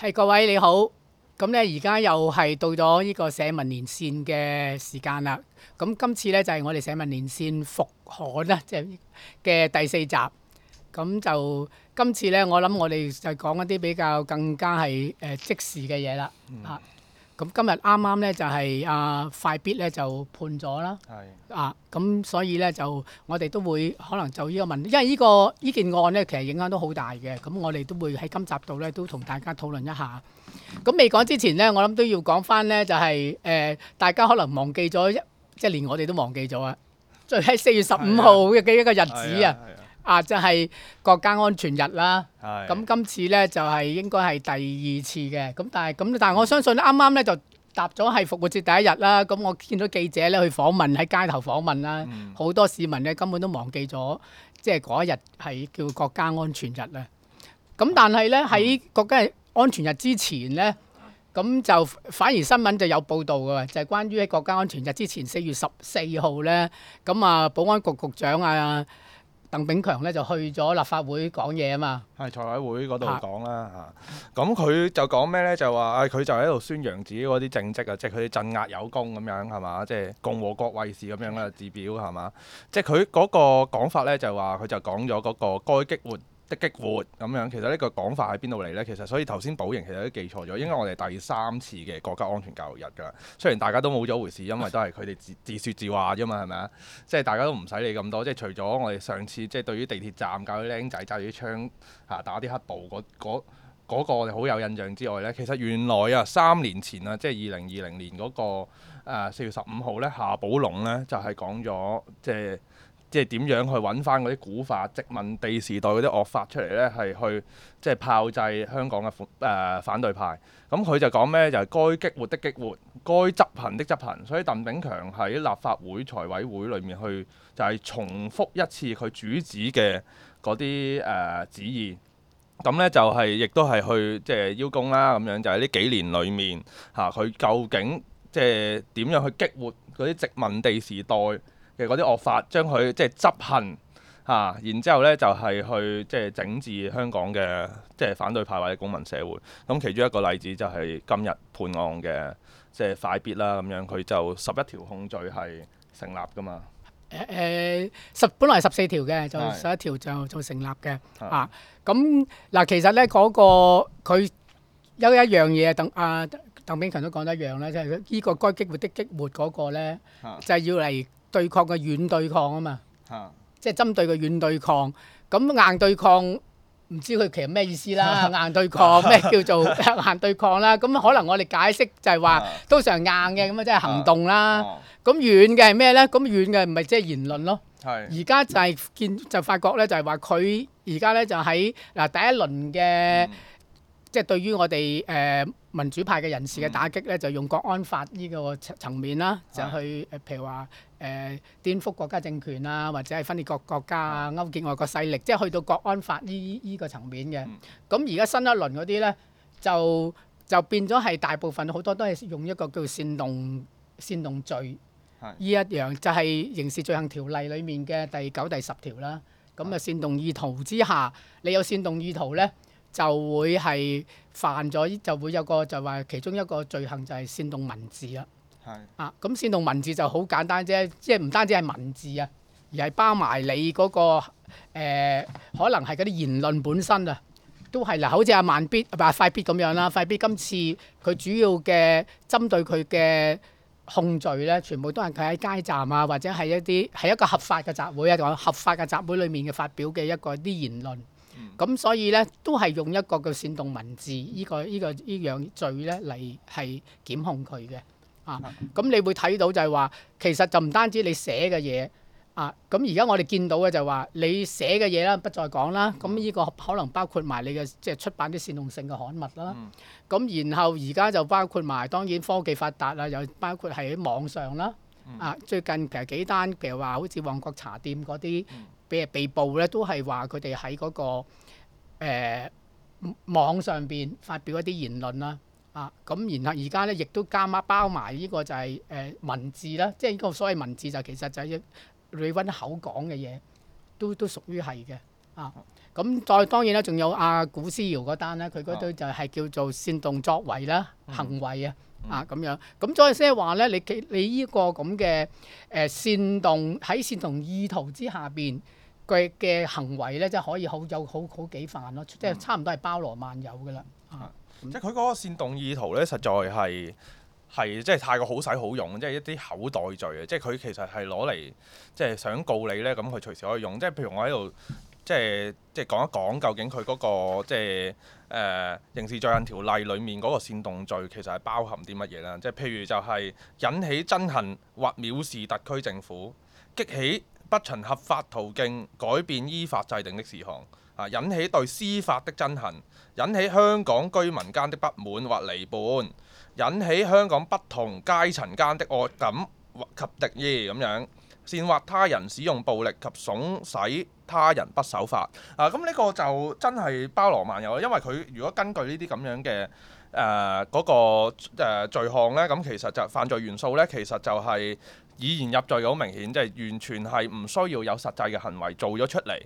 係各位你好，咁咧而家又係到咗呢個社民連線嘅時間啦。咁今次咧就係我哋社民連線復刊啦，即係嘅第四集。咁就今次咧，我諗我哋就講一啲比較更加係誒即時嘅嘢啦。啊、嗯！咁今日啱啱咧就係阿快必咧就判咗啦，的啊咁所以咧就我哋都會可能就呢個問題，因為呢、這個呢件案咧其實影響都好大嘅，咁我哋都會喺今集度咧都同大家討論一下。咁未講之前咧，我諗都要講翻咧就係、是、誒、呃，大家可能忘記咗一，即、就、係、是、連我哋都忘記咗啊！即係喺四月十五號嘅一個日子啊。啊！就係、是、國家安全日啦。咁今的次呢，就係、是、應該係第二次嘅。咁但係咁，但，但我相信啱啱呢，就踏咗係復活節第一日啦。咁我見到記者呢去訪問喺街頭訪問啦，好、嗯、多市民呢，根本都忘記咗，即係嗰一日係叫國家安全日啊。咁但係呢，喺國家安全日之前呢，咁就反而新聞就有報導嘅，就係、是、關於喺國家安全日之前四月十四號呢，咁啊保安局局長啊。鄧炳強咧就去咗立法會講嘢啊嘛，係財委會嗰度講啦嚇，咁佢、啊啊、就講咩咧？就話啊，佢就喺度宣揚自己嗰啲政績啊，即係佢鎮壓有功咁樣係嘛，即係、就是、共和國衛士咁樣啦，自表係嘛，即係佢嗰個講法咧就話佢就講咗嗰個該激活的激活咁樣，其實呢個講法喺邊度嚟呢？其實所以頭先寶瑩其實都記錯咗，應該我哋第三次嘅國家安全教育日㗎。雖然大家都冇咗回事，因為都係佢哋自自説自話啫嘛，係咪啊？即係大家都唔使理咁多。即係除咗我哋上次即係對於地鐵站教啲靚仔揸住啲槍嚇打啲黑暴嗰嗰嗰個我哋好有印象之外呢，其實原來啊三年前啊，即係二零二零年嗰個呃四月十五號呢，夏寶龍呢，就係講咗即係。就係即係點樣去揾翻嗰啲古法殖民地時代嗰啲惡法出嚟呢？係去即係炮製香港嘅誒、呃、反對派。咁佢就講咩？就係、是、該激活的激活，該執行的執行。所以鄧炳強喺立法會財委會裏面去，就係重複一次佢主旨嘅嗰啲誒旨意。咁呢就係、是、亦都係去即係邀功啦。咁樣就喺呢幾年裏面嚇，佢、啊、究竟即係點樣去激活嗰啲殖民地時代？其實嗰啲惡法將佢即係執行嚇、啊，然之後咧就係、是、去即係整治香港嘅即係反對派或者公民社會。咁、嗯、其中一個例子就係今日判案嘅即係快必啦，咁樣佢就十一條控罪係成立㗎嘛。誒、呃呃，十本來係十四條嘅，就十一條就就成立嘅嚇。咁嗱是、啊，其實咧嗰、那個佢有一樣嘢，鄧阿、啊、鄧炳強都講得一樣咧，即係呢個該激活的激活嗰個咧，啊、就係要嚟。對抗嘅軟對抗啊嘛，啊即係針對嘅軟對抗，咁硬對抗唔知佢其實咩意思啦。 硬對抗，咩叫做硬對抗啦？咁、嗯啊啊啊、可能我哋解釋就係話，通常硬嘅咁啊，即係行動啦。咁、啊啊、軟嘅係咩呢？咁軟嘅唔係即係言論咯。而家是就係見就發覺呢就係話佢而家呢就喺嗱第一輪嘅。嗯嗯即係對於我哋誒、呃、民主派嘅人士嘅打擊咧，嗯、就用國安法呢個層面啦，嗯、就去譬如話誒，顛、呃、覆國家政權啊，或者係分裂國國家啊，嗯、勾結外國勢力，即、就、係、是、去到國安法呢呢呢個層、這個、面嘅。咁而家新一輪嗰啲咧，就就變咗係大部分好多都係用一個叫煽動煽動罪，呢、嗯、一樣就係刑事罪行條例裡面嘅第九、第十條啦。咁啊，煽動意圖之下，你有煽動意圖咧。呢就會係犯咗，就會有個就話其中一個罪行就係煽動文字啦。係啊，咁煽動文字就好簡單啫，即係唔單止係文字啊，而係包埋你嗰個可能係嗰啲言論本身啊，都係啦。好似阿慢必，唔，阿快必咁樣啦，快必今次佢主要嘅針對佢嘅控罪咧，全部都係佢喺街站啊，或者係一啲係一個合法嘅集會啊，講合法嘅集會裡面嘅發表嘅一個啲言論。咁所以咧，都係用一個叫煽動文字呢個呢個呢樣罪咧嚟係檢控佢嘅啊。咁你會睇到就係話，其實就唔單止你寫嘅嘢啊。咁而家我哋見到嘅就係話，你寫嘅嘢啦，不再講啦。咁呢個可能包括埋你嘅即係出版啲煽動性嘅刊物啦。咁然後而家就包括埋當然科技發達啦，又、啊、包括係喺網上啦、啊。啊，最近其實幾單嘅話，譬如好似旺角茶店嗰啲。嗯俾被捕咧、那個，都係話佢哋喺嗰個誒網上邊發表一啲言論啦，啊，咁然後而家咧亦都加孖包埋呢個就係、是、誒、呃、文字啦、啊，即係呢個所謂文字就其實就係李温口講嘅嘢，都都屬於係嘅，啊，咁再當然啦，仲有阿、啊、古思堯嗰單咧，佢嗰度就係叫做煽動作為啦，行為啊，嗯、啊咁樣，咁所以即係話咧，你你呢個咁嘅誒煽動喺煽動意圖之下邊。佢嘅行為咧，即係可以好有好好幾範咯，即係差唔多係包羅萬有嘅啦。啊、嗯，嗯、即係佢嗰個煽動意圖咧，實在係係即係太過好使好用，即係一啲口袋罪啊！即係佢其實係攞嚟即係想告你咧，咁佢隨時可以用。即係譬如我喺度即係即係講一講究竟佢嗰個即係誒、呃、刑事罪行條例裡面嗰個煽動罪其實係包含啲乜嘢啦？即係譬如就係引起憎恨或藐視特區政府，激起，不循合法途徑改變依法制定的事項，啊，引起對司法的憎恨，引起香港居民間的不滿或離叛，引起香港不同階層間的惡感及敵意咁樣，煽惑他人使用暴力及慫使他人不守法，啊，咁呢個就真係包羅萬有，因為佢如果根據呢啲咁樣嘅。誒嗰、呃那個、呃、罪行呢，咁其實就犯罪元素呢，其實就係以言入罪好明顯，即、就、係、是、完全係唔需要有實際嘅行為做咗出嚟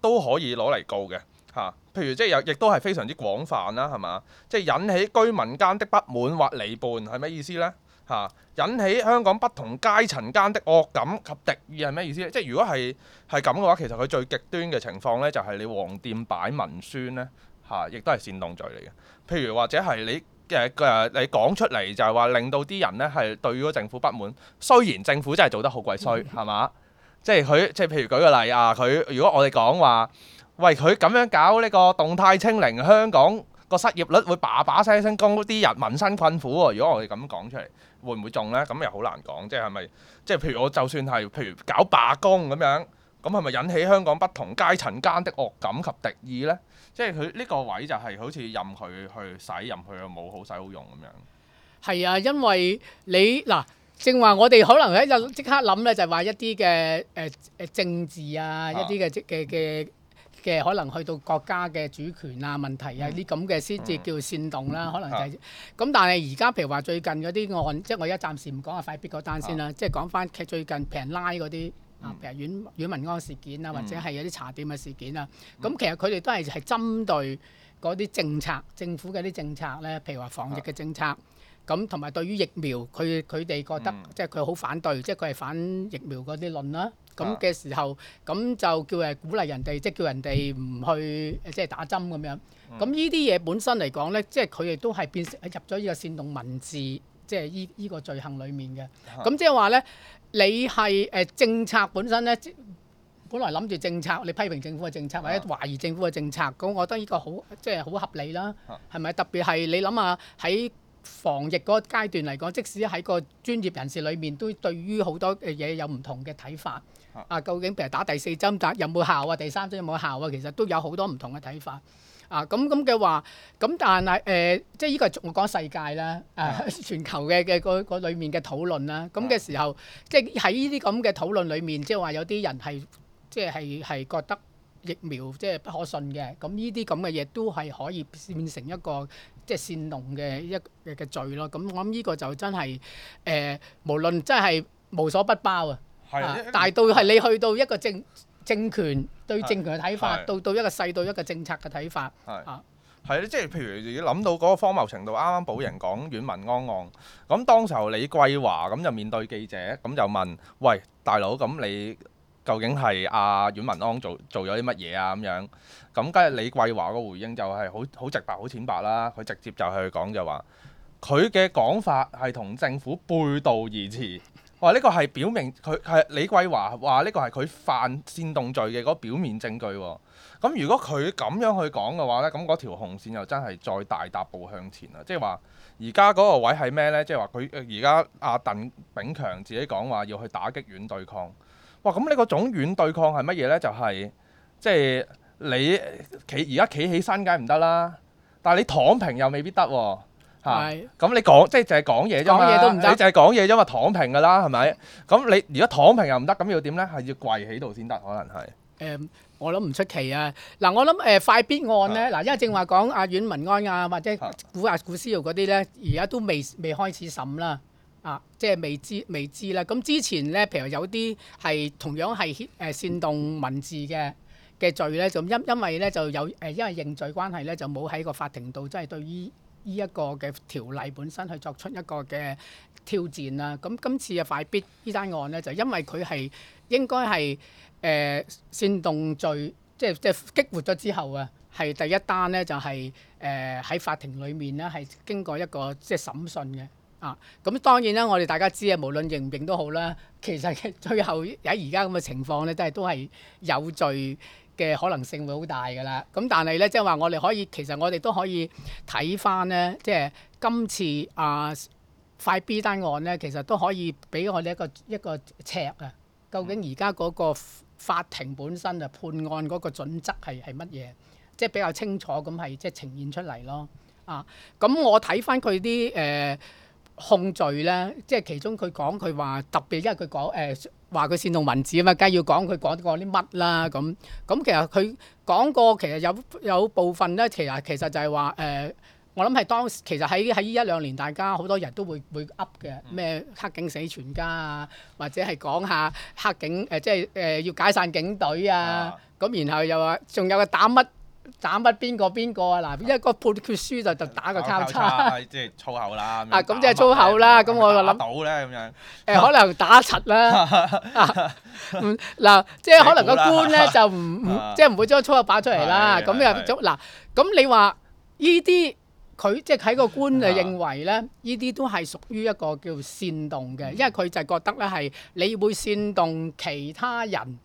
都可以攞嚟告嘅嚇、啊。譬如即係有，亦都係非常之廣泛啦，係嘛？即係引起居民間的不滿或離叛，係咩意思呢？嚇、啊！引起香港不同階層間的惡感及敵意係咩意思咧？即係如果係係咁嘅話，其實佢最極端嘅情況呢，就係、是、你黃店擺文宣呢。嚇，亦都係煽動罪嚟嘅。譬如或者係你嘅嘅，你講出嚟就係話令到啲人呢係對嗰政府不滿。雖然政府真係做得好鬼衰，係嘛？ 即係佢即係譬如舉個例啊，佢如果我哋講話，喂佢咁樣搞呢個動態清零，香港個失業率會把把聲升高。啲人民生困苦、啊、如果我哋咁講出嚟，會唔會中呢？咁又好難講，即係係咪？即係譬如我就算係譬如搞罷工咁樣，咁係咪引起香港不同階層間的惡感及敵意呢？即係佢呢個位就係好似任佢去使，任佢有冇好使好用咁樣。係啊，因為你嗱、啊，正話我哋可能喺就即刻諗咧，就話、是、一啲嘅誒誒政治啊，啊一啲嘅即嘅嘅嘅可能去到國家嘅主權啊問題啊啲咁嘅先至叫煽動啦、啊。嗯、可能就係、是、咁，啊、但係而家譬如話最近嗰啲案，即係我而家暫時唔講阿快必嗰單先啦，啊、即係講翻佢最近俾人拉嗰啲。啊，譬如阮阮民安事件啊，或者係有啲茶店嘅事件啊，咁、嗯、其實佢哋都係係針對嗰啲政策，政府嘅啲政策咧，譬如話防疫嘅政策，咁同埋對於疫苗，佢佢哋覺得即係佢好反對，嗯、即係佢係反疫苗嗰啲論啦。咁嘅、嗯、時候，咁就叫誒鼓勵人哋、就是嗯，即係叫人哋唔去，即係打針咁樣。咁呢啲嘢本身嚟講咧，即係佢哋都係變成入咗呢個煽動文字，即係呢呢個罪行裡面嘅。咁即係話咧。嗯嗯你係誒、呃、政策本身咧，本來諗住政策，你批評政府嘅政策、啊、或者懷疑政府嘅政策，咁我覺得呢個好即係好合理啦，係咪、啊？特別係你諗下喺防疫嗰個階段嚟講，即使喺個專業人士裏面，都對於好多嘅嘢有唔同嘅睇法。啊，究竟譬如打第四針，打有冇效啊？第三針有冇效啊？其實都有好多唔同嘅睇法。啊，咁咁嘅話，咁但係誒、呃，即呢依個我講世界啦，誒的、啊、全球嘅嘅嗰嗰裡面嘅討論啦。咁嘅時候，即係喺呢啲咁嘅討論裡面，即係話有啲人係即係係覺得疫苗即係不可信嘅。咁呢啲咁嘅嘢都係可以變成一個即係、就是、煽動嘅一嘅罪咯。咁、嗯、我諗呢個就真係誒、呃，無論真係無所不包啊！大到係你去到一個政政權對政權嘅睇法，到的到一個細到一個政策嘅睇法。係的啊，即係譬如你諗到嗰個荒謬程度，啱啱寶瑩講阮文安案，咁當時候李桂華咁就面對記者咁就問：喂，大佬咁你究竟係阿阮文安做做咗啲乜嘢啊？咁樣咁梗係李桂華個回應就係好好直白、好淺白啦，佢直接就去講就話佢嘅講法係同政府背道而馳。哇！呢個係表明佢係李桂華話呢個係佢犯煽動罪嘅嗰表面證據喎。咁如果佢咁樣去講嘅話呢，咁嗰條紅線又真係再大踏步向前啦。即係話而家嗰個位係咩呢？即係話佢而家阿鄧炳強自己講話要去打擊軟對抗。哇！咁呢個種軟對抗係乜嘢呢？就係即係你企而家企起身梗唔得啦，但係你躺平又未必得喎。係，咁你講即係就係講嘢啫嘛，講嘢都唔得，你就係講嘢啫嘛，躺平㗎啦，係咪？咁你如果躺平又唔得，咁要點咧？係要跪喺度先得，可能係。誒，我諗唔出奇啊！嗱，我諗誒快必案咧，嗱，因為正話講阿阮文安啊，或者古阿古思堯嗰啲咧，而家都未未開始審啦，啊，即係未知未知啦。咁之前咧，譬如有啲係同樣係誒煽動文字嘅嘅罪咧，就因因為咧就有誒，因為認罪關係咧，就冇喺個法庭度即係對於。呢一個嘅條例本身去作出一個嘅挑戰啦，咁今次嘅快必呢單案咧就因為佢係應該係誒煽動罪，即係即係激活咗之後啊，係第一單咧就係誒喺法庭裡面咧係經過一個即係審訊嘅啊，咁當然啦，我哋大家知啊，無論認唔認都好啦，其實最後喺而家咁嘅情況咧都係都係有罪。嘅可能性會好大㗎啦，咁但係咧，即係話我哋可以，其實我哋都可以睇翻咧，即係今次啊快 B 單案咧，其實都可以俾我哋一個一個尺啊。究竟而家嗰個法庭本身啊判案嗰個準則係乜嘢？即係比較清楚咁係即係呈現出嚟咯。啊，咁我睇翻佢啲誒控罪咧，即係其中佢講佢話特別，因為佢講誒。話佢煽動文字啊嘛，梗係要講佢講過啲乜啦，咁。咁其實佢講過其，其實有有部分咧，其實其實就係話誒，我諗係當時其實喺喺呢一兩年，大家好多人都會會噏嘅咩黑警死全家啊，或者係講下黑警誒、呃，即係誒、呃、要解散警隊啊。咁、啊、然後又話仲有個打乜？斬筆邊個邊個啊？嗱，一個判決書就就打個交叉，即係粗口啦。啊，咁即係粗口啦。咁我諗，到咧咁樣，誒可能打柒啦。嗱，即係可能個官咧就唔唔，即係唔會將個粗口擺出嚟啦。咁又，嗱，咁你話呢啲佢即係喺個官就認為咧，呢啲都係屬於一個叫煽動嘅，因為佢就覺得咧係你會煽動其他人，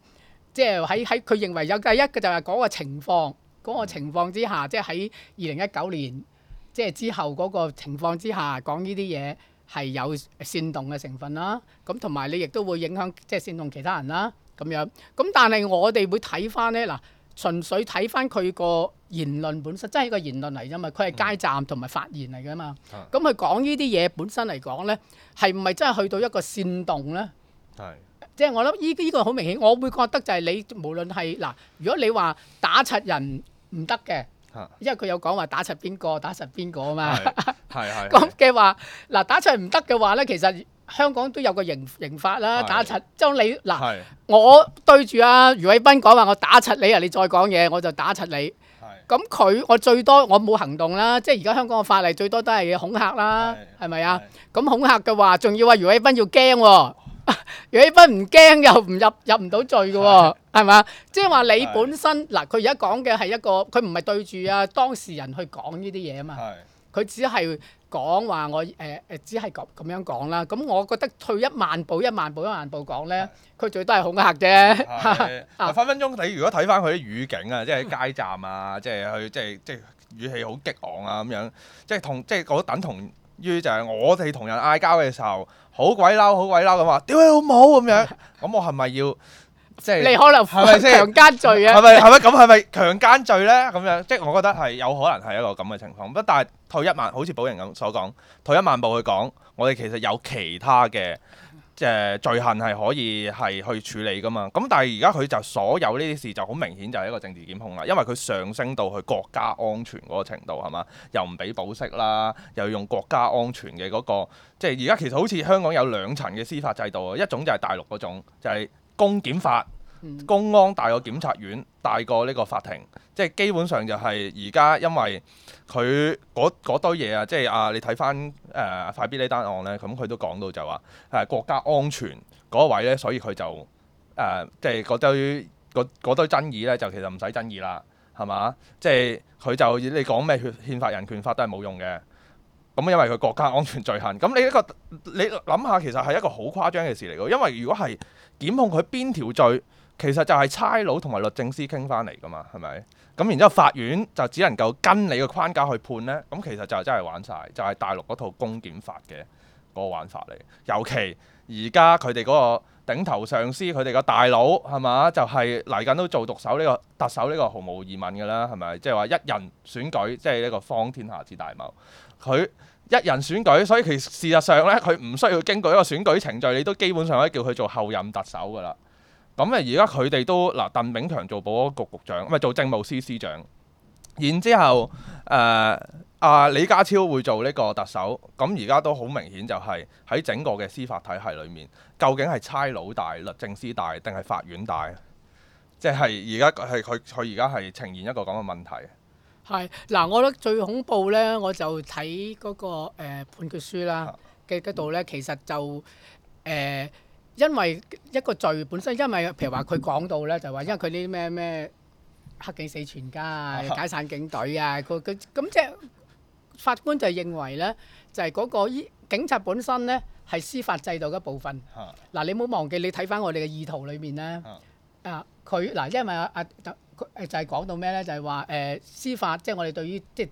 即係喺喺佢認為有第一嘅就係嗰個情況。嗰個情況之下，即係喺二零一九年即係之後嗰個情況之下講呢啲嘢係有煽動嘅成分啦。咁同埋你亦都會影響即係煽動其他人啦。咁樣咁但係我哋會睇翻咧，嗱純粹睇翻佢個言論本身，真係一個言論嚟啫嘛。佢係街站同埋發言嚟噶嘛。咁佢講,講呢啲嘢本身嚟講咧，係唔係真係去到一個煽動咧？係。即係我諗呢啲依個好明顯，我會覺得就係你無論係嗱，如果你話打柒人唔得嘅，啊、因為佢有講話打柒邊個打柒邊個啊嘛，係係咁嘅話，嗱打柒唔得嘅話咧，其實香港都有個刑刑法啦，是打柒將、即係、你嗱是我對住啊余煒彬講話我打柒你啊，你再講嘢我就打柒你，咁佢我最多我冇行動啦，即係而家香港嘅法例最多都係恐嚇啦，係咪啊？咁恐嚇嘅話，仲要啊余煒彬要驚喎。楊啟 斌唔驚又唔入入唔到罪嘅、啊，係嘛是的？即係話你本身嗱，佢而家講嘅係一個，佢唔係對住啊當事人去講呢啲嘢啊嘛。佢是的 只係講話我誒誒、呃，只係咁咁樣講啦。咁我覺得退一萬步、一萬步、一萬步講呢，佢是的 最多係恐吓啫。分分鐘睇， 嗯、 如果睇翻佢啲語境啊，即係喺街站啊，即係去，即係即係語氣好激昂啊，咁樣，即、就、係、是、同即係、就是就是就是就是、我等同於就係我哋同人嗌交嘅時候。好鬼嬲，好鬼嬲咁話，屌你好唔好？咁樣，咁我係咪要即係你可能犯強姦罪啊？係咪係咪咁係咪強姦罪咧？咁樣即係我覺得係有可能係一個咁嘅情況。不，但係退一萬，好似寶瑩咁所講，退一萬步去講，我哋其實有其他嘅。誒、呃、罪行係可以係去處理噶嘛？咁但係而家佢就所有呢啲事就好明顯就係一個政治檢控啦，因為佢上升到去國家安全嗰個程度係嘛？又唔俾保釋啦，又用國家安全嘅嗰、嗰個，即係而家其實好似香港有兩層嘅司法制度啊，一種就係大陸嗰種，就係、係、公檢法。嗯、公安大過檢察院，大過呢個法庭，即係基本上就係而家因為佢嗰堆嘢啊，即係啊，你睇翻誒快必呢單案呢，咁佢都講到就話誒、啊、國家安全嗰位呢，所以佢就誒即係嗰堆堆、堆爭議呢，就其實唔使爭議啦，係嘛？即係佢就你講咩憲法人權法都係冇用嘅。咁因為佢國家安全罪行，咁你一個你諗下，其實係一個好誇張嘅事嚟嘅，因為如果係檢控佢邊條罪？其實就係差佬同埋律政司傾翻嚟噶嘛，係咪？咁然之後法院就只能夠跟你個框架去判呢。咁其實就真係玩晒，就係大陸嗰套公檢法嘅嗰個玩法嚟。尤其而家佢哋嗰個頂頭上司，佢哋個大佬係嘛？就係嚟緊都做毒手呢個特首呢個毫無疑問㗎啦，係咪？即係話一人選舉，即係呢個方天下之大謀。佢一人選舉，所以其實事實上呢，佢唔需要經過一個選舉程序，你都基本上可以叫佢做後任特首㗎啦。咁咧而家佢哋都嗱，鄧炳強做保安局局長，唔係做政務司司長。然之後，誒、呃、啊、呃、李家超會做呢個特首。咁而家都好明顯就係、是、喺整個嘅司法體系裏面，究竟係差佬大、律政司大，定係法院大？即係而家係佢佢而家係呈現一個咁嘅問題。係嗱，我覺得最恐怖呢，我就睇嗰、那個、呃、判決書啦嘅度呢，其實就誒。呃因為一個罪本身，因為譬如話佢講到咧， 就話因為佢啲咩咩黑警死全家啊，解散警隊啊，佢佢咁即係法官就認為咧，就係、是、嗰個依警察本身咧係司法制度嘅部分。嗱， 你冇忘記你睇翻我哋嘅意圖裏面咧，啊佢嗱，因為啊啊就誒就係講到咩咧，就係話誒司法、就是、即係我哋對於即係。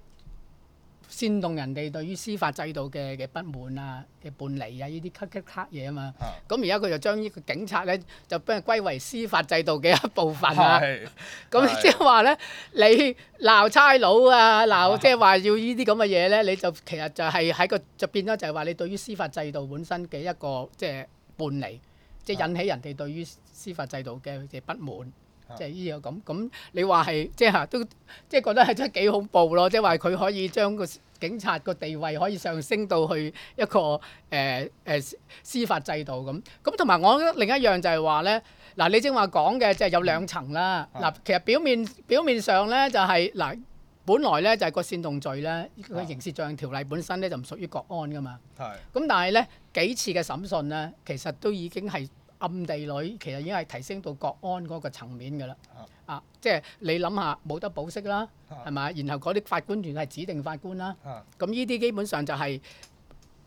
煽動人哋對於司法制度嘅嘅不滿啊，嘅叛離啊，呢啲 cut 嘢啊嘛，咁而家佢就將呢個警察咧，就俾佢歸為司法制度嘅一部分啊。咁即係話咧，你鬧差佬啊，鬧即係話要呢啲咁嘅嘢咧，你就其實就係喺個就變咗就係話你對於司法制度本身嘅一個即係、就是、叛離，即係、嗯、引起人哋對於司法制度嘅嘅不滿。即係依個咁咁，你話係即係嚇都即係覺得係真係幾恐怖咯！即係話佢可以將個警察個地位可以上升到去一個誒誒、呃呃、司法制度咁。咁同埋我覺得另一樣就係話咧，嗱你正話講嘅即係有兩層啦。嗱、嗯、其實表面表面上咧就係、是、嗱，本來咧就係個煽動罪咧，個、嗯、刑事罪行條例本身咧就唔屬於國安噶嘛。係、嗯。咁但係咧幾次嘅審訊咧，其實都已經係。暗地裏其實已經係提升到國安嗰個層面㗎啦，啊，啊即係你諗下冇得保釋啦，係咪、啊？然後嗰啲法官原來係指定法官啦，咁呢啲基本上就係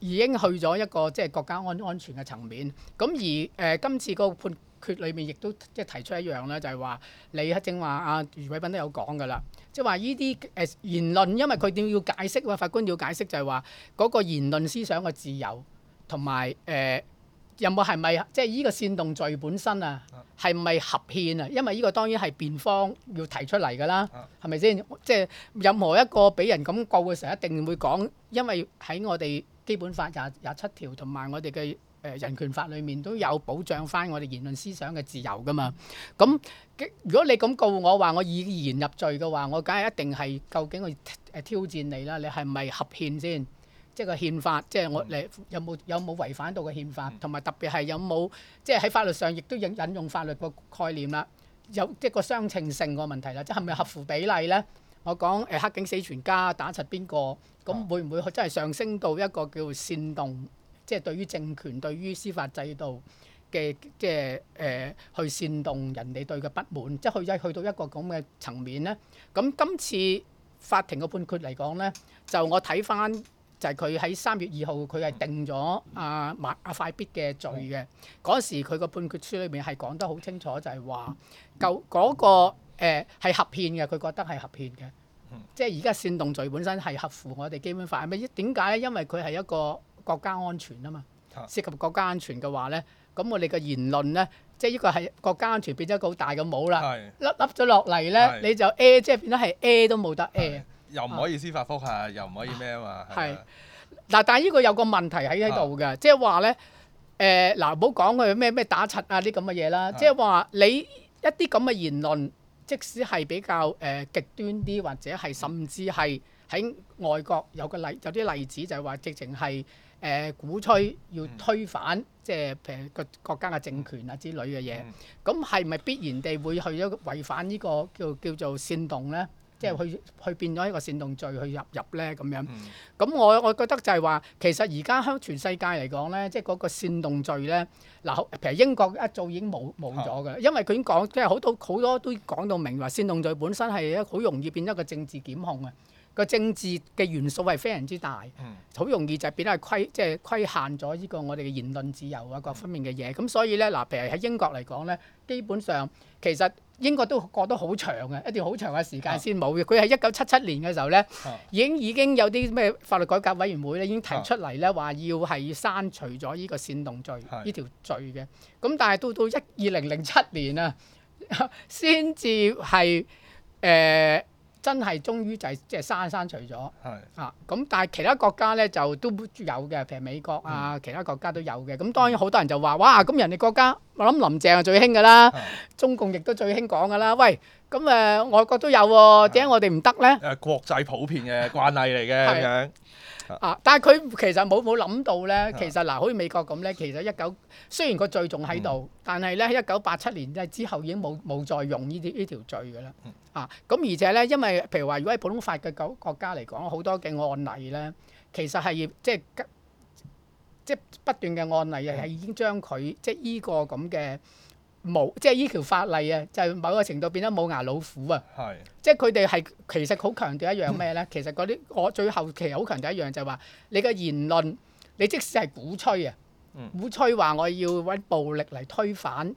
已經去咗一個即係、就是、國家安安全嘅層面。咁而誒、呃、今次個判決裏面亦都即係提出一樣啦，就係話你正話阿余煒彬都有講㗎啦，即係話呢啲誒言論，因為佢點要解釋啊？法官要解釋就係話嗰個言論思想嘅自由同埋誒。有冇係咪即係呢個煽動罪本身啊？係咪合憲啊？因為呢個當然係辯方要提出嚟㗎啦，係咪先？即係任何一個俾人咁告嘅時候，一定會講，因為喺我哋基本法廿廿七條同埋我哋嘅誒人權法裡面都有保障翻我哋言論思想嘅自由㗎嘛。咁如果你咁告我話我以言入罪嘅話，我梗係一定係究竟我誒挑戰你啦。你係咪合憲先？即係個憲法，即係我你有冇有冇違反到個憲法，同埋特別係有冇即係喺法律上亦都引引用法律個概念啦。有即係個相稱性個問題啦，即係咪合乎比例咧？我講誒黑警死全家，打柒邊個咁會唔會真係上升到一個叫煽動，啊、即係對於政權、對於司法制度嘅即係誒、呃、去煽動人哋對佢不滿，即係去去到一個咁嘅層面咧。咁今次法庭個判決嚟講咧，就我睇返。就係佢喺三月二號、啊，佢係定咗阿麥啊快必嘅罪嘅。嗰時佢個判決書裏面係講得好清楚就，就係話，舊、那、嗰個誒係、欸、合憲嘅，佢覺得係合憲嘅。即係而家煽動罪本身係合乎我哋基本法，咩點解咧？因為佢係一個國家安全啊嘛。啊涉及國家安全嘅話咧，咁我哋嘅言論咧，即係呢個係國家安全變咗一個好大嘅帽啦。係是。笠笠咗落嚟咧，是你就 A，即係變咗係 A 都冇得 A。又唔可以司法覆核，啊、又唔可以咩啊嘛？係嗱，但係呢個有個問題喺喺度嘅，即係話咧誒，嗱唔好講佢咩咩打柒啊啲咁嘅嘢啦。即係話你一啲咁嘅言論，即使係比較誒、呃、極端啲，或者係甚至係喺外國有個例有啲例子就，就係話直情係誒鼓吹要推翻，嗯、即係譬如國家嘅政權啊之類嘅嘢。咁係咪必然地會去咗違反呢個叫叫做煽動咧？即係去去變咗一個煽動罪去入入咧咁樣，咁、嗯、我我覺得就係話，其實而家響全世界嚟講咧，即係嗰個煽動罪咧，嗱，譬如英國一早已經冇冇咗嘅，因為佢已經講，即係好多好多都講到明話，煽動罪本身係一好容易變一個政治檢控啊。個政治嘅元素係非常之大，好容易就變得係規，即係規限咗呢個我哋嘅言論自由啊，各方面嘅嘢。咁、嗯、所以呢，嗱，譬如喺英國嚟講呢，基本上其實英國都過得好長嘅一段好長嘅時間先冇嘅。佢喺一九七七年嘅時候呢，已經已經有啲咩法律改革委員會呢已經提出嚟呢，話要係刪除咗呢個煽動罪呢、嗯、條罪嘅。咁但係到到一二零零七年啊，先至係誒。呃真係終於就係即係刪刪除咗的啊！咁但係其他國家咧就都有嘅，譬如美國啊，其他國家都有嘅。咁、嗯、當然好多人就話：哇！咁人哋國家，我諗林鄭係最興㗎啦，啊、中共亦都最興講㗎啦。喂，咁、嗯、誒外國都有喎、哦，點解的我哋唔得咧？誒國際普遍嘅慣例嚟嘅咁樣。啊！但係佢其實冇冇諗到咧，其實嗱，好似美國咁咧，其實一九雖然個罪仲喺度，嗯、但係咧一九八七年即係之後已經冇冇再用呢啲呢條罪㗎啦。啊！咁而且咧，因為譬如話，如果喺普通法嘅國家嚟講，好多嘅案例咧，其實係即係即係不斷嘅案例係已經將佢、嗯、即係依個咁嘅。冇，即係呢條法例啊，就係、某個程度變得冇牙老虎啊。是即係佢哋係其實好強調一樣咩咧？其實嗰啲、嗯、我最後其實好強調一樣就係、係、話，你嘅言論，你即使係鼓吹啊，鼓吹話我要搵暴力嚟推翻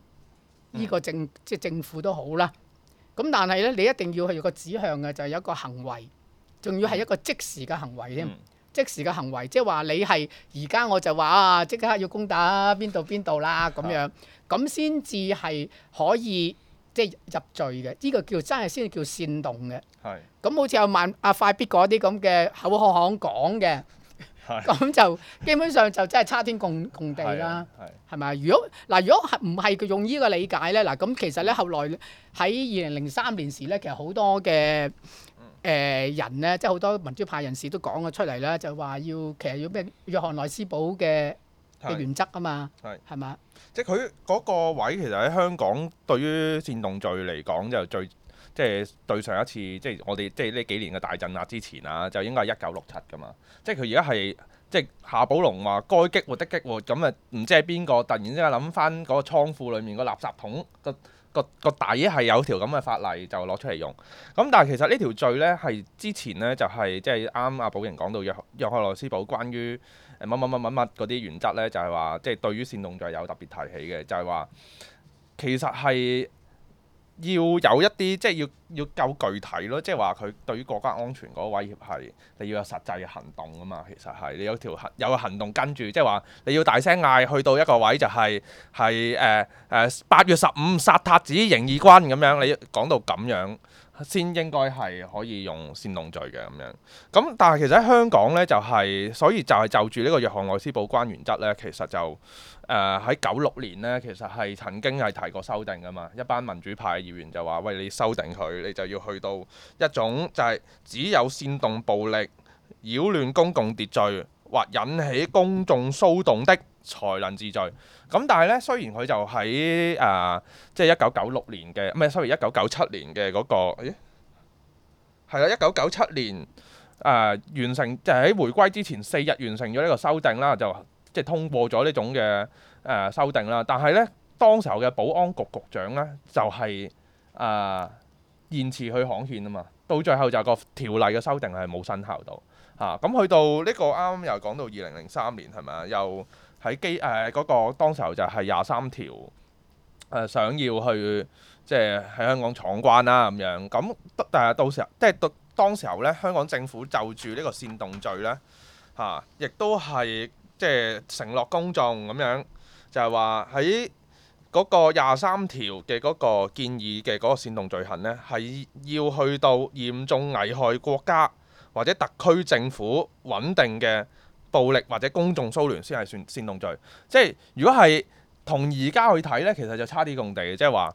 呢個政、嗯、即係政府都好啦。咁但係咧，你一定要係個指向嘅，就有、係、一個行為，仲要係一個即時嘅行為添。嗯即時嘅行為，即係話你係而家我就話啊，即刻要攻打邊度邊度啦咁樣，咁先至係可以即係、就是、入罪嘅。呢、這個叫真係先至叫煽動嘅。係是的。咁好似有萬阿快必嗰啲咁嘅口口講嘅。係是的。咁就是的 基本上就真係差天共共地啦。係。係咪啊？如果嗱，如果係唔係佢用呢個理解咧？嗱，咁其實咧後來喺二零零三年時咧，其實好多嘅。誒、呃、人咧，即係好多民主派人士都講咗出嚟啦，就話要其實要咩約翰內斯堡嘅嘅原則啊嘛，係嘛？吧即係佢嗰個位其實喺香港對於煽動罪嚟講就最即係對上一次即係我哋即係呢幾年嘅大鎮壓之前啊，就應該係一九六七噶嘛。即係佢而家係即係夏寶龍話該激活的激活，咁啊唔知係邊個突然之間諗翻嗰個倉庫裡面個垃圾桶。個個底係有條咁嘅法例就攞出嚟用，咁但係其實呢條罪呢，係之前呢，就係即係啱阿寶瑩講到約約翰羅斯堡關於乜乜乜乜乜嗰啲原則呢，就係話即係對於煽動罪有特別提起嘅，就係、是、話其實係。要有一啲即係要要夠具體咯，即係話，佢對於國家安全嗰個威脅係你要有實際嘅行動啊嘛，其實係你有條有行動跟住，即係話，你要大聲嗌去到一個位就係係誒誒八月十五殺塔子營義軍咁樣，你講到咁樣。先應該係可以用煽動罪嘅咁樣，咁但係其實喺香港呢，就係、是，所以就係就住呢個約翰內斯堡關原則呢，其實就誒喺九六年呢，其實係曾經係提過修訂㗎嘛，一班民主派議員就話：喂，你修訂佢，你就要去到一種就係、是、只有煽動暴力、擾亂公共秩序。或引起公眾騷動的才能自罪。咁但係咧，雖然佢就喺誒，即係一九九六年嘅，唔係，sorry，一九九七年嘅嗰個，誒係啦，一九九七年誒完成，就喺回歸之前四日完成咗呢個修訂啦，就即係通過咗呢種嘅誒修訂啦。但係咧，當時候嘅保安局局長咧就係誒延遲去刊憲啊嘛，到最後就係個條例嘅修訂係冇生效到。啊！咁去到呢個啱啱又講到二零零三年係咪，又喺機誒嗰，呃嗰個當時候就係廿三條誒，呃，想要去即係喺香港闖關啦，啊，咁樣。咁但係到時候即係到當時候咧，香港政府就住呢個煽動罪咧嚇，亦都係即係承諾公眾咁樣，就係話喺嗰個廿三條嘅嗰個建議嘅嗰個煽動罪行咧，係要去到嚴重危害國家。或者特區政府穩定嘅暴力或者公眾騷亂先係算煽動罪，即係如果係同而家去睇呢，其實就差啲咁地嘅，即係話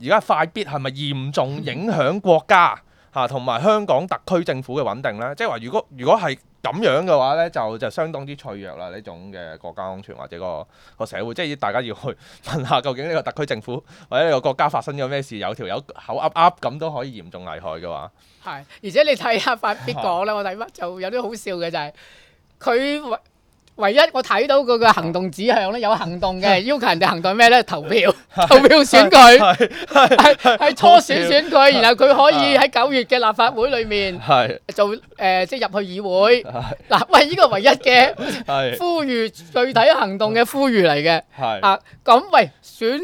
而家快必係咪嚴重影響國家？嚇，同埋香港特區政府嘅穩定咧，即係話如果如果係咁樣嘅話咧，就就相當之脆弱啦。呢種嘅國家安全或者個個社會，即係大家要去問下究竟呢個特區政府或者呢個國家發生咗咩事，有條友口噏噏咁都可以嚴重危害嘅話，係。而且你睇下快必講啦，我睇乜就有啲好笑嘅就係佢。唯一我睇到嗰個行動指向咧，有行動嘅，要求人哋行動咩咧？投票，投票選佢，係係初選選佢，然後佢可以喺九月嘅立法會裏面做誒，即係入去議會。嗱，喂，呢個唯一嘅，係呼籲具體行動嘅呼籲嚟嘅。係啊，咁喂，選，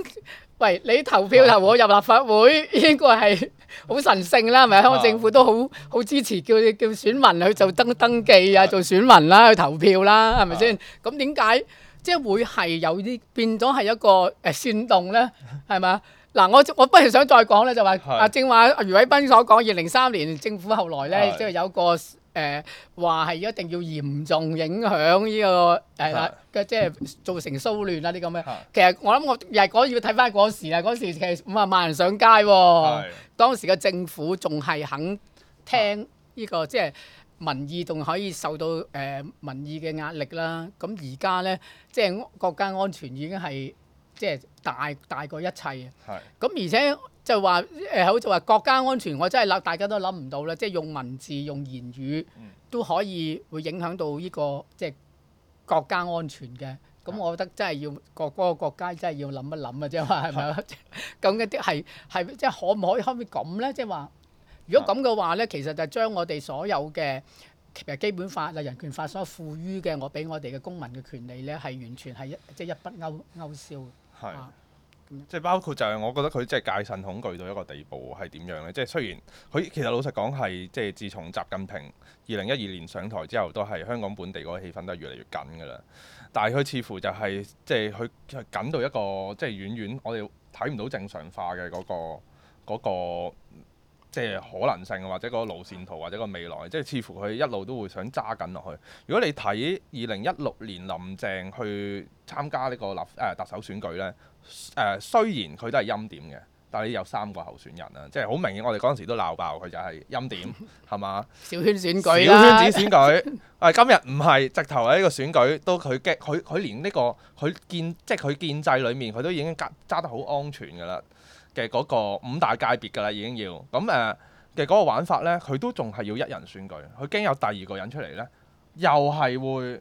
喂，你投票投我入立法會，呢個係。好神聖啦，係咪香港政府都好好支持叫，叫叫選民去做登登記啊，做選民啦，去投票啦，係咪先？咁點解即係會係有啲變咗係一個誒煽、啊、動咧？係咪？嗱，我我不如想再講咧，就話阿 正話余煒彬所講，二零三年政府後來咧， 即係有個。誒話係一定要嚴重影響呢、這個誒即係造成騷亂啦啲咁嘅。是其實我諗我亦都要睇翻嗰時啊，嗰時其實五十萬人上街喎、哦，是當時嘅政府仲係肯聽呢、這個，即係是、這個就是、民意仲可以受到誒、呃、民意嘅壓力啦。咁而家咧，即、就、係、是、國家安全已經係即係大大過一切。係是。咁而且。就係話誒，好似話國家安全，我真係諗大家都諗唔到啦。即、就、係、是、用文字、用言語都可以會影響到呢、這個即係、就是、國家安全嘅。咁、嗯嗯、我覺得真係要各、那個國家真係要諗一諗即啫嘛，係咪？咁一啲係係即係可唔可以可唔可以咁咧？即係話如果咁嘅話咧，嗯、其實就將我哋所有嘅其實基本法啊、人權法所賦予嘅我俾我哋嘅公民嘅權利咧，係完全係一即係、就是、一筆勾勾銷嘅。嗯即係包括就係，我覺得佢即係戒慎恐懼到一個地步係點樣呢？即係雖然佢其實老實講係，即係自從習近平二零一二年上台之後，都係香港本地嗰個氣氛都係越嚟越緊噶啦。但係佢似乎就係即係佢係緊到一個即係遠遠我哋睇唔到正常化嘅嗰個嗰個。那個即係可能性，或者嗰個路線圖，或者個未來，即係似乎佢一路都會想揸緊落去。如果你睇二零一六年林鄭去參加呢個立誒特首選舉呢，誒、呃、雖然佢都係欽點嘅，但係有三個候選人啊，即係好明顯，我哋嗰陣時都鬧爆佢就係欽點，係嘛 吧？小圈子選舉，小圈子選舉。誒 今日唔係直頭喺呢個選舉都佢激佢佢連呢、這個佢建即係佢建制裏面佢都已經揸得好安全㗎啦。嘅嗰個五大界別㗎啦，已經要咁誒嘅嗰個玩法呢，佢都仲係要一人選舉，佢驚有第二個人出嚟呢，又係會誒誒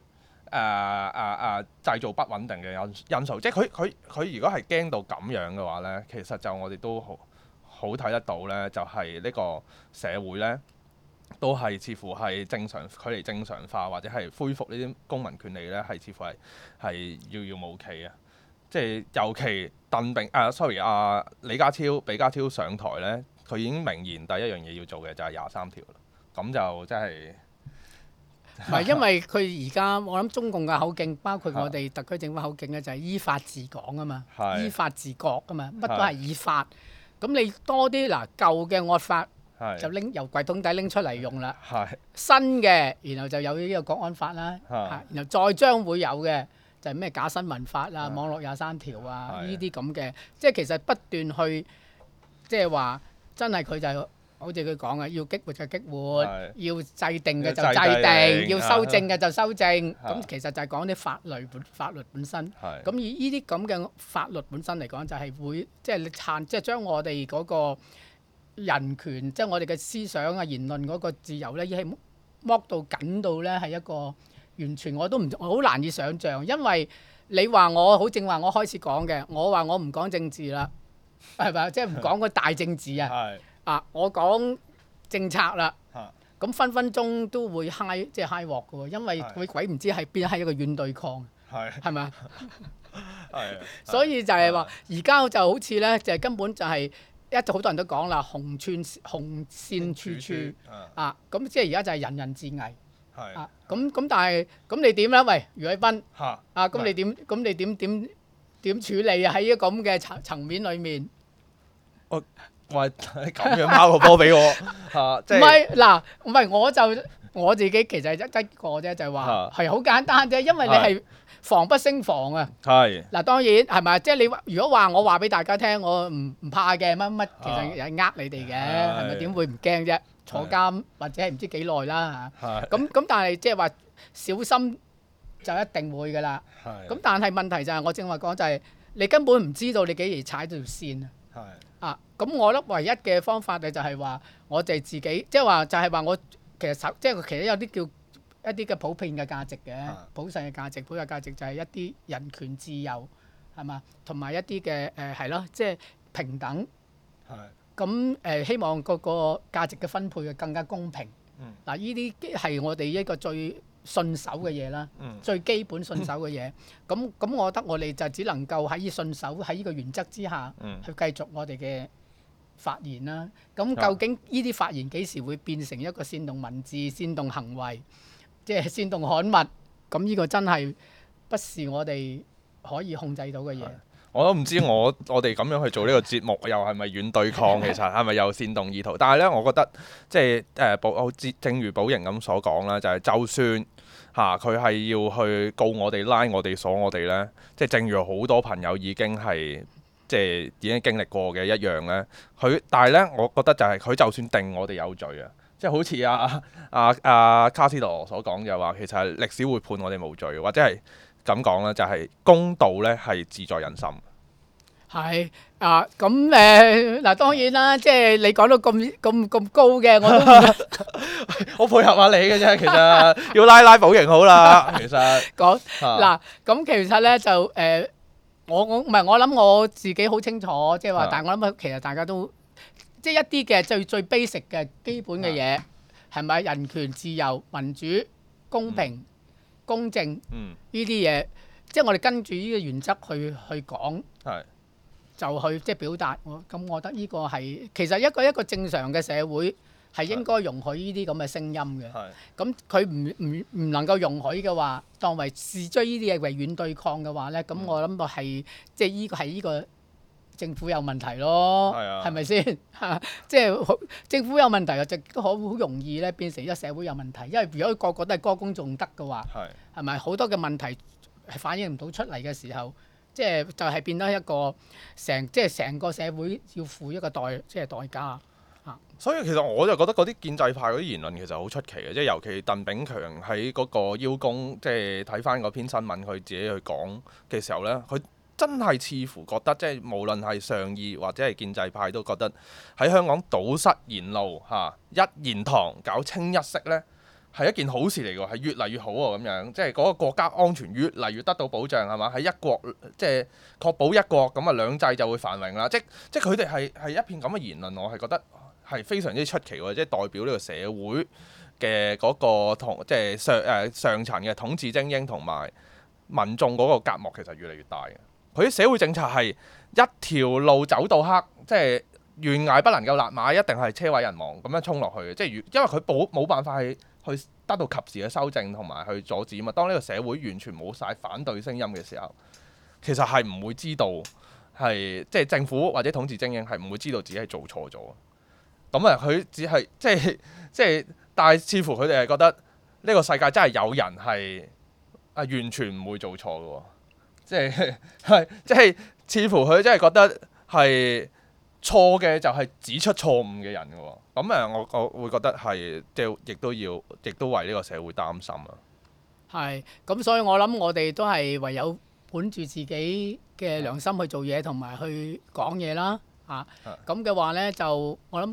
誒製造不穩定嘅因因素，即係佢佢佢如果係驚到咁樣嘅話呢，其實就我哋都好好睇得到呢，就係、是、呢個社會呢，都係似乎係正常距離正常化或者係恢復呢啲公民權利呢，係似乎係係遙遙無期啊！即係尤其鄧炳，誒、啊、sorry，阿、啊、李家超、比家超上台呢，佢已經明言第一樣嘢要做嘅就係廿三條啦，咁就真係唔 因為佢而家我諗中共嘅口徑，包括我哋特區政府口徑，咧的，就係依法治港啊嘛，的依法治國啊嘛，乜都係依法。咁的你多啲嗱、啊、舊嘅惡法就拎由櫃桶底拎出嚟用啦，新嘅的，然後就有呢個國安法啦的，然後再將會有嘅。就係咩假新聞法啊、的網絡廿三條啊，呢啲咁嘅，即係、就是、其實不斷去，即係話真係佢就係、是、好似佢講嘅，要激活就激活，的要制定嘅就制定，的要修正嘅就修正。咁的其實就係講啲法律本，法律本身。咁的以呢啲咁嘅法律本身嚟講就，就係會即係你撐，即、就、係、是、將我哋嗰個人權，即、就、係、是、我哋嘅思想啊、言論嗰個自由呢，已係剝到緊到呢，係一個。.完全我都唔，我好難以想像。因為你話我好正話我開始講嘅，我話我唔講政治啦，係咪即係唔講個大政治啊？係啊，我講政策啦。咁分分鐘都會嗨，即係嗨鑊㗎因為佢鬼唔知係邊係一個軟對抗，係咪啊？係。所以就係話，而家就好似咧，就根本就係，一，好多人都講啦，紅串紅線處處，啊，咁即係而家就係人人自危。係啊，咁咁但係，咁你點咧？喂，余煒彬，啊，咁你點？咁你點點點處理啊？喺依個咁嘅層層面裏面，我我係咁樣拋個波俾我，唔係嗱，唔係我就我自己其實係一得過啫，就係話係好簡單啫，因為你係防不勝防啊。係嗱，當然係咪？即係你如果話我話俾大家聽，我唔唔怕嘅，乜乜其實係呃你哋嘅，係咪點會唔驚啫？坐監或者係唔知幾耐啦吓，咁咁的、嗯、但係即係話小心就一定會㗎喇。咁的、嗯、但係問題就係、是、我正話講就係、是、你根本唔知道你幾時踩到條線的啊。咁、嗯、我覺得唯一嘅方法就係、是、話我哋自己，即係話就係、是、話我其實即係其實有啲叫一啲嘅普遍嘅價值嘅，的普世嘅價值、普世價值就係一啲人權自由係嘛，同埋一啲嘅誒係咯，即、嗯、係、就是、平等。咁誒、呃，希望個個價值嘅分配嘅更加公平。嗱、嗯，呢啲係我哋一個最信守嘅嘢啦，嗯、最基本信守嘅嘢。咁咁、嗯，我覺得我哋就只能夠喺依信守喺呢個原則之下，去繼續我哋嘅發言啦。咁、嗯、究竟呢啲發言幾時會變成一個煽動文字、煽動行為，即係煽動刊物？咁呢個真係不是我哋可以控制到嘅嘢。嗯我都唔知我我哋咁樣去做呢個節目，又係咪軟對抗？其實係咪又煽動意圖？但係呢，我覺得即係誒保好正，如寶瑩咁所講啦，就係、是、就算嚇佢係要去告我哋、拉我哋、鎖我哋呢，即係正如好多朋友已經係即係已經經歷過嘅一樣呢。佢但係呢，我覺得就係、是、佢就算定我哋有罪啊，即係好似阿阿阿卡斯特羅所講就話，其實係歷史會判我哋無罪，或者係。咁講啦，就係公道咧，係自在人心。係啊，咁誒嗱，當然啦，即係你講到咁咁咁高嘅，我都好配合下你嘅啫。其實要拉拉保型好啦，其實講嗱，咁其實咧就誒，我我唔係我諗我自己好清楚，即係話，但係我諗啊，其實大家都即係一啲嘅最最 basic 嘅基本嘅嘢，係咪人權、自由、民主、公平？公正呢啲嘢，即係我哋跟住呢個原則去去講，係，就去即係表達。我咁，我覺得呢個係其實一個一個正常嘅社會這這，係應該容許呢啲咁嘅聲音嘅。咁佢唔唔唔能夠容許嘅話，當為自追呢啲嘢為軟對抗嘅話咧，咁我諗到係即係呢個係呢個。政府有問題咯，係咪先？即 係政府有問題啊，就好容易咧變成一個社會有問題。因為如果個個都係歌功頌德嘅話，係咪好多嘅問題反映唔到出嚟嘅時候，即係就係、是、變咗一個成即係成個社會要付一個代即係、就是、代價啊。所以其實我就覺得嗰啲建制派嗰啲言論其實好出奇嘅，即係尤其鄧炳強喺嗰個邀功，即係睇翻嗰篇新聞，佢自己去講嘅時候咧，佢。真係似乎覺得，即係無論係上議或者係建制派，都覺得喺香港堵塞言路嚇、啊，一言堂搞清一色呢係一件好事嚟㗎，係越嚟越好喎、啊、咁樣，即係嗰個國家安全越嚟越得到保障係嘛？喺一國即係確保一國咁啊，兩制就會繁榮啦。即即係佢哋係係一片咁嘅言論，我係覺得係非常之出奇喎，即係代表呢個社會嘅嗰、嗰個同即係上誒上層嘅統治精英同埋民眾嗰個隔膜其實越嚟越大嘅。佢社會政策係一條路走到黑，即係懸崖不能夠立馬，一定係車毀人亡咁樣衝落去。即係因為佢冇冇辦法係去得到及時嘅修正同埋去阻止啊嘛。當呢個社會完全冇晒反對聲音嘅時候，其實係唔會知道係即係政府或者統治精英係唔會知道自己係做錯咗。咁啊，佢只係即係即係，但係似乎佢哋係覺得呢個世界真係有人係啊完全唔會做錯嘅喎。即係係，即係似乎佢真係覺得係錯嘅就係指出錯誤嘅人嘅喎。咁啊，我我會覺得係即係亦都要，亦都為呢個社會擔心啊。係，咁所以我諗我哋都係唯有本住自己嘅良心去做嘢同埋去講嘢啦。啊，咁嘅話咧就我諗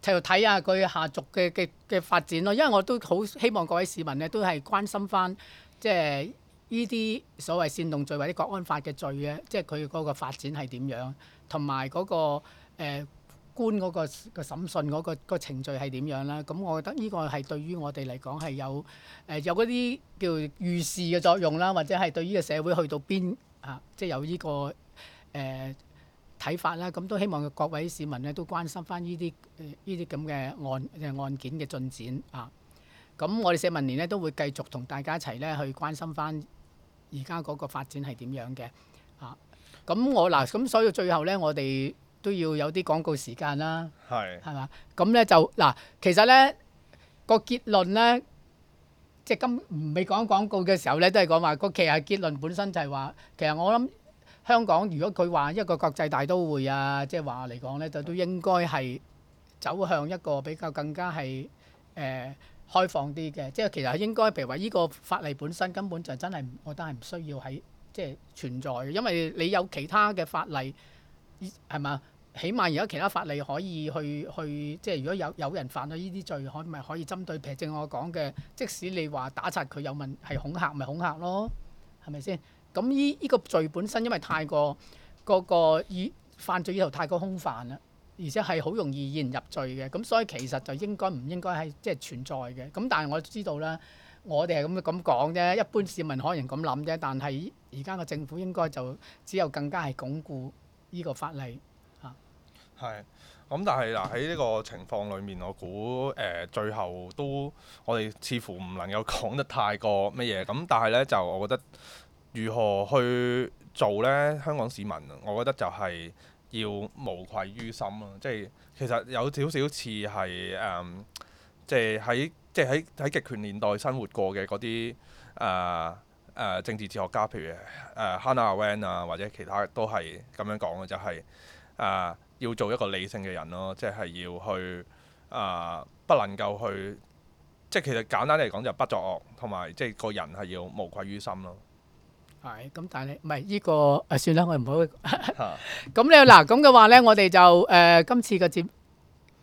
繼續睇下佢下續嘅嘅嘅發展咯。因為我都好希望各位市民咧都係關心翻即係。呢啲所謂煽動罪或者國安法嘅罪咧，即係佢嗰個發展係點樣，同埋嗰個、呃、官嗰個個審訊嗰、嗰個嗰個程序係點樣啦？咁、嗯、我覺得呢個係對於我哋嚟講係有誒、呃、有嗰啲叫預示嘅作用啦，或者係對依個社會去到邊啊？即係有呢、呢個誒睇、呃、法啦。咁、啊嗯、都希望各位市民咧都關心翻呢啲誒依啲咁嘅案案件嘅進展啊。咁、嗯、我哋社民連咧都會繼續同大家一齊咧去關心翻。而家嗰個發展係點樣嘅？啊，咁我嗱，咁所以最後咧，我哋都要有啲廣告時間啦，係，係嘛？咁咧就嗱，其實咧個結論咧，即係今未講廣告嘅時候咧，都係講話個其實結論本身就係話，其實我諗香港如果佢話一個國際大都會啊，即係話嚟講咧，就都應該係走向一個比較更加係誒。開放啲嘅，即係其實應該，譬如話依個法例本身根本就真係，我覺得係唔需要喺即係存在嘅，因為你有其他嘅法例，係嘛？起碼而家其他法例可以去去，即係如果有有人犯咗呢啲罪，可咪可以針對？如正如我講嘅，即使你話打殺佢有問係恐嚇，咪恐嚇咯，係咪先？咁依依個罪本身因為太過嗰個以犯罪意圖太過空泛啦。而且係好容易引人入罪嘅，咁所以其實就應該唔應該係即係存在嘅。咁但係我知道啦，我哋係咁咁講啫，一般市民可能咁諗啫。但係而家個政府應該就只有更加係鞏固呢個法例嚇。咁、啊、但係嗱喺呢個情況裏面，我估誒、呃、最後都我哋似乎唔能夠講得太過乜嘢。咁但係呢，就我覺得如何去做呢？香港市民，我覺得就係、係。要無愧於心咯，即係其實有少少似係誒，即係喺即係喺喺極權年代生活過嘅嗰啲誒誒政治哲學家，譬如誒、呃、Hannah Arendt 啊，或者其他都係咁樣講嘅，就係、是、誒、呃、要做一個理性嘅人咯，即係要去誒、呃、不能夠去，即係其實簡單嚟講就不作惡，同埋即係個人係要無愧於心咯。係，咁、哎、但係唔係依個誒、啊、算啦，我唔好。咁你嗱，咁嘅話咧，我哋就誒、呃、今次嘅節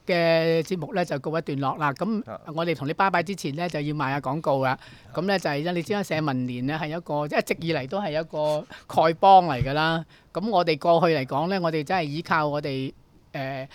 嘅節目咧就告一段落啦。咁、嗯、我哋同你拜拜之前咧就要賣下廣告啦。咁、嗯、咧就係、是、因你知啦，社民連咧係一個一直以嚟都係一個丐幫嚟㗎啦。咁、嗯、我哋過去嚟講咧，我哋真係依靠我哋誒。呃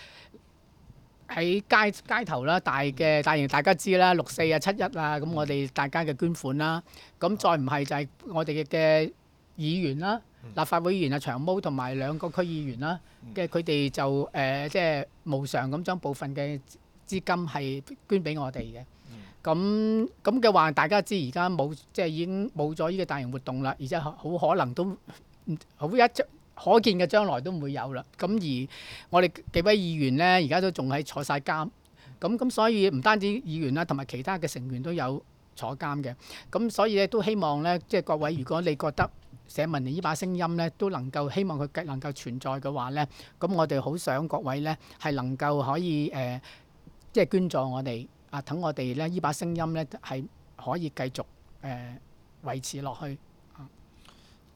喺街街頭啦，大嘅大型，大家知啦，六四啊、七一啊，咁我哋大家嘅捐款啦，咁再唔係就係我哋嘅議員啦、立法會議員啊、長毛同埋兩個區議員啦嘅，佢哋就誒即係無償咁將部分嘅資金係捐俾我哋嘅。咁咁嘅話，大家知而家冇即係已經冇咗呢個大型活動啦，而且好可能都好快就～可見嘅將來都唔會有啦。咁而我哋幾位議員呢，而家都仲係坐晒監。咁咁、嗯、所以唔單止議員啦，同埋其他嘅成員都有坐監嘅。咁所以咧都希望呢，即係各位如果你覺得社民連呢把聲音呢，都能夠希望佢能夠存在嘅話呢，咁我哋好想各位呢，係能夠可以誒，即係捐助我哋，啊等我哋呢，呢把聲音呢，係可以繼續誒維持落去。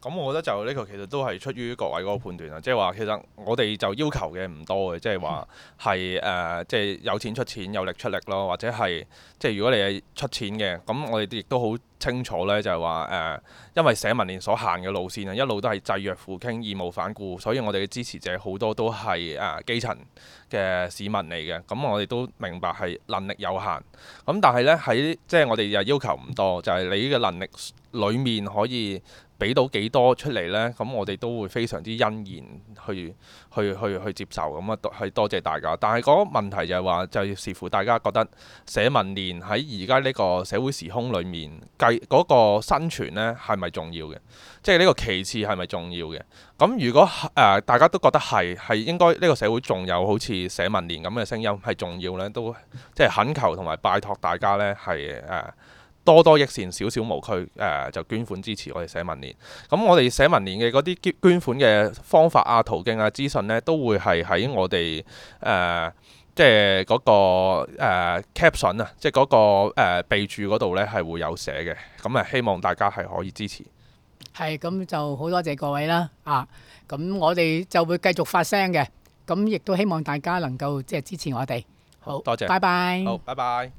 咁我覺得就呢個其實都係出於各位嗰個判斷啊，即係話其實我哋就要求嘅唔多嘅，即係話係誒，即係有錢出錢，有力出力咯，或者係即係如果你係出錢嘅，咁我哋亦都好。清楚咧，就係話，誒，因為社民連所行嘅路線啊，一路都係濟弱扶傾、義無反顧，所以我哋嘅支持者好多都係誒、呃、基層嘅市民嚟嘅，咁、嗯、我哋都明白係能力有限，咁、嗯、但係咧喺即係我哋又要求唔多，就係、是、你嘅能力裏面可以俾到幾多出嚟咧，咁、嗯、我哋都會非常之欣然去去去去，去接受，咁、嗯、啊多係多謝大家。但係個問題就係話，就視乎大家覺得社民連喺而家呢個社會時空裏面嗰個生存咧係咪重要嘅？即係呢個其次係咪重要嘅？咁如果誒、呃、大家都覺得係係應該呢個社會仲有好似社民連咁嘅聲音係重要咧，都即係懇求同埋拜託大家咧係誒多多益善少少無拘誒、呃、就捐款支持我哋社民連。咁我哋社民連嘅嗰啲捐捐款嘅方法啊途徑啊資訊咧都會係喺我哋誒，呃即係嗰個 caption 啊，即係嗰個誒備註嗰度咧係會有寫嘅，咁啊希望大家係可以支持。係，咁就好多謝各位啦，啊，咁我哋就會繼續發聲嘅，咁亦都希望大家能夠即係支持我哋。好，好，多謝，拜拜 bye，好，拜拜。